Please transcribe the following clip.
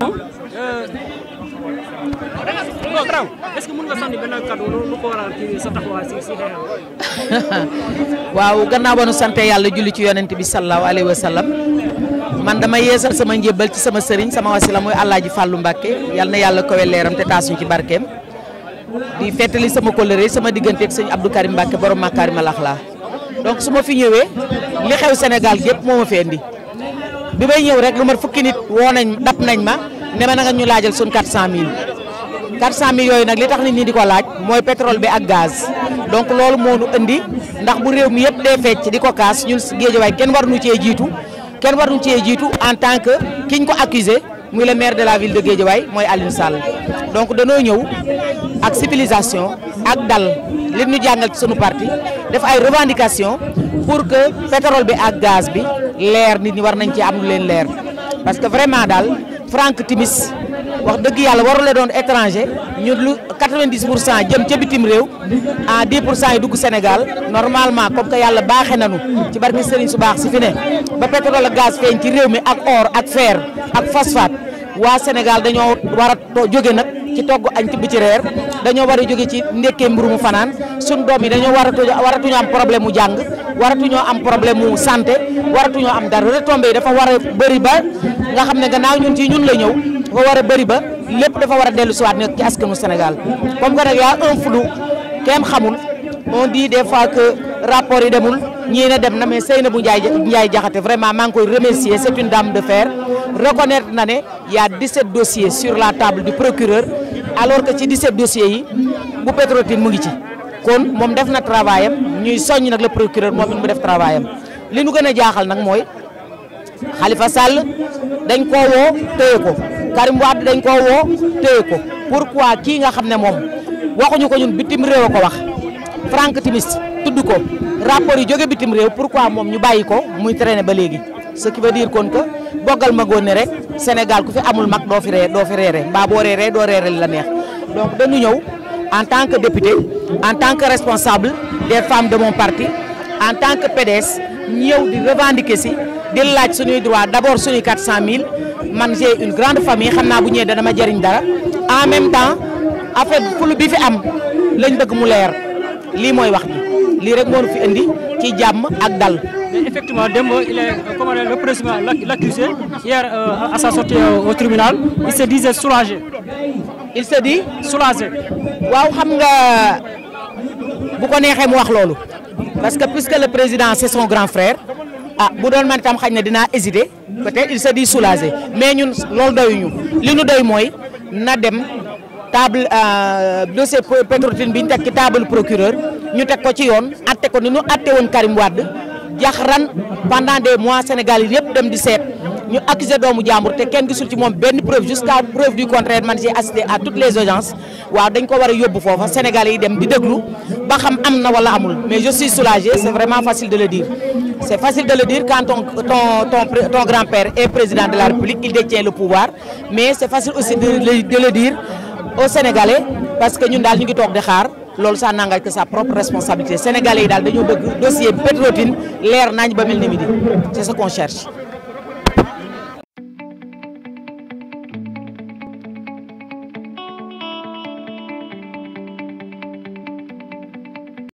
non Graw est-ce waaw gannaaw ba nu sant yàlla julli ci yonent bi sallallahu alayhi wa man dama yeesal sama njébbal ci sama sëriñ sama wasila muy Alaaji Fàllu Mbàkke yal yàlla kowe te taasuñ ci barkeem di fettali sama kóllëre sama diggante ak sëñ Abdou Karim Mbàkke borom Makarimal Axlaa donc su ma fi ñëwee li xew Sénégal gépp moo ma fi indi bi may ñëw rek lu mat fukki nit woo nañ dap nañ ma ne ma nanga ñu laajal suñ 400000 400000 yooyu nag li tax nit ñi di ko laaj mooy pétrole bi ak gaz donc loolu moo nu indi ndax bu réew mi yëpp dee fecc di ko kaas ñun Géejawaay kenn war nu cee jiitu kenn war nu cee jiitu en tant que kiñ ko accusé muy le maire de la ville de Guédiawaye mooy Aliou Sall donc danoo ñëw ak civilisation ak dal li ñu jàngal ci sunu parti def ay revendications pour que pétrole bi ak gaz bi leer nit ñi war nañ ci am lu leen leer parce que vraiment daal Frank Timis wax dëgg yàlla warule doon étranger ñu lu 90 pour cent jëm ca bitim réew à 10 pour cent yi dugg Sénégal normalement comme que yàlla baaxe nanu ci barke Serigne su baax si fi ne ba pétrole ak gaz feeñ ci réew mi ak or ak fer ak phosphate waa Sénégal dañoo war a jóge nag ci togg añ tibb ci reer dañoo war a jóge ci ndekkee mburu mu fanaan suñ doom yi dañoo waratu waratuñoo am problème mu jàng waratuñoo am problème mu santé waratuñoo am dara retombé yi dafa war a bëri ba nga xam ne gannaaw ñun ci ñun la ñëw dafa war a bëri ba lépp dafa war a dellu siwaat nag ci askanu Sénégal comme que nag yaa un flou kenn xamul on dit des fois que rapport yi demul ñii ne dem na mais Seynabou Ndiaye Ndiaye Diakhaté vraiment maa ngi koy remercier c'est reconnaître na ne y a 17 dossiers sur la table du procureur alors que ci 17 dossiers yi bu Petrotim mu ngi ci kon moom def na travail am ñuy soññ nag la procureur moom mu def travail am li nu gën a jaaxal nag mooy Khalifa Sall dañ koo woo téye ko Karim Wade dañ koo woo téye ko pourquoi kii nga xam ne moom waxuñu ko ñun bitim réew ko wax Franck Timis tudd ko rapport yi jóge bitim réew pourquoi moom ñu bàyyi ko muy traîner ba léegi ce qui veut kon boggal ma góone rek Sénégal ku fi amul mag doo fi ree doo fi reere mbaa boo reeree doo reere la neex donc dañu ñëw en tant que député en tant que responsable des femmes de mon en tant que PDS ñëw di revendiquer si di laaj suñuy droit d'abord suñuy 400000 man j'ai une grande famille xam naa bu ñëwee dana ma jariñ dara en même temps affaire fulu bi fi am lañ bëgg mu leer. lii mooy wax ji lii rek moo fi indi ci jàmm ak dal. mais effectivement démb il est euh, comment le président l'accusé hier euh, à sa sortie euh, au tribunal il se disait soulagé. il se dit soulagé. waaw xam nga bu ko neexee mu wax loolu. parce que puisque le président c'est son grand frère. ah bu doon man tam xañ na dinaa hésiter peut-être il se dit soulagé mais ñun loolu doyuñu li ñu doy mooy na dem. table euh, dossier Petrotim bi ñu teg ci table procureur ñu teg ko ci yoon atte ko ni ñu atte woon Karim Wade jaxran pendant des mois Sénégal yi yëpp dem di seet ñu accusé doomu jàmbur te kenn gisul ci moom benn preuve jusqu'à preuve du contraire man j'ai à toutes les audiences waaw dañ ko war a yóbbu foofa Sénégal yi dem di déglu ba xam am na wala amul mais je suis soulagé c'est vraiment facile de le dire c'est facile de le dire quand ton ton aux Sénégalais parce que ñun daal ñu ngi toog di xaar loolu ça n'engage que sa propre responsabilité Sénégalais yi daal dañoo bëgg dossier Petro-Tim leer nañ ba mel ni midi c'est ce qu'on cherche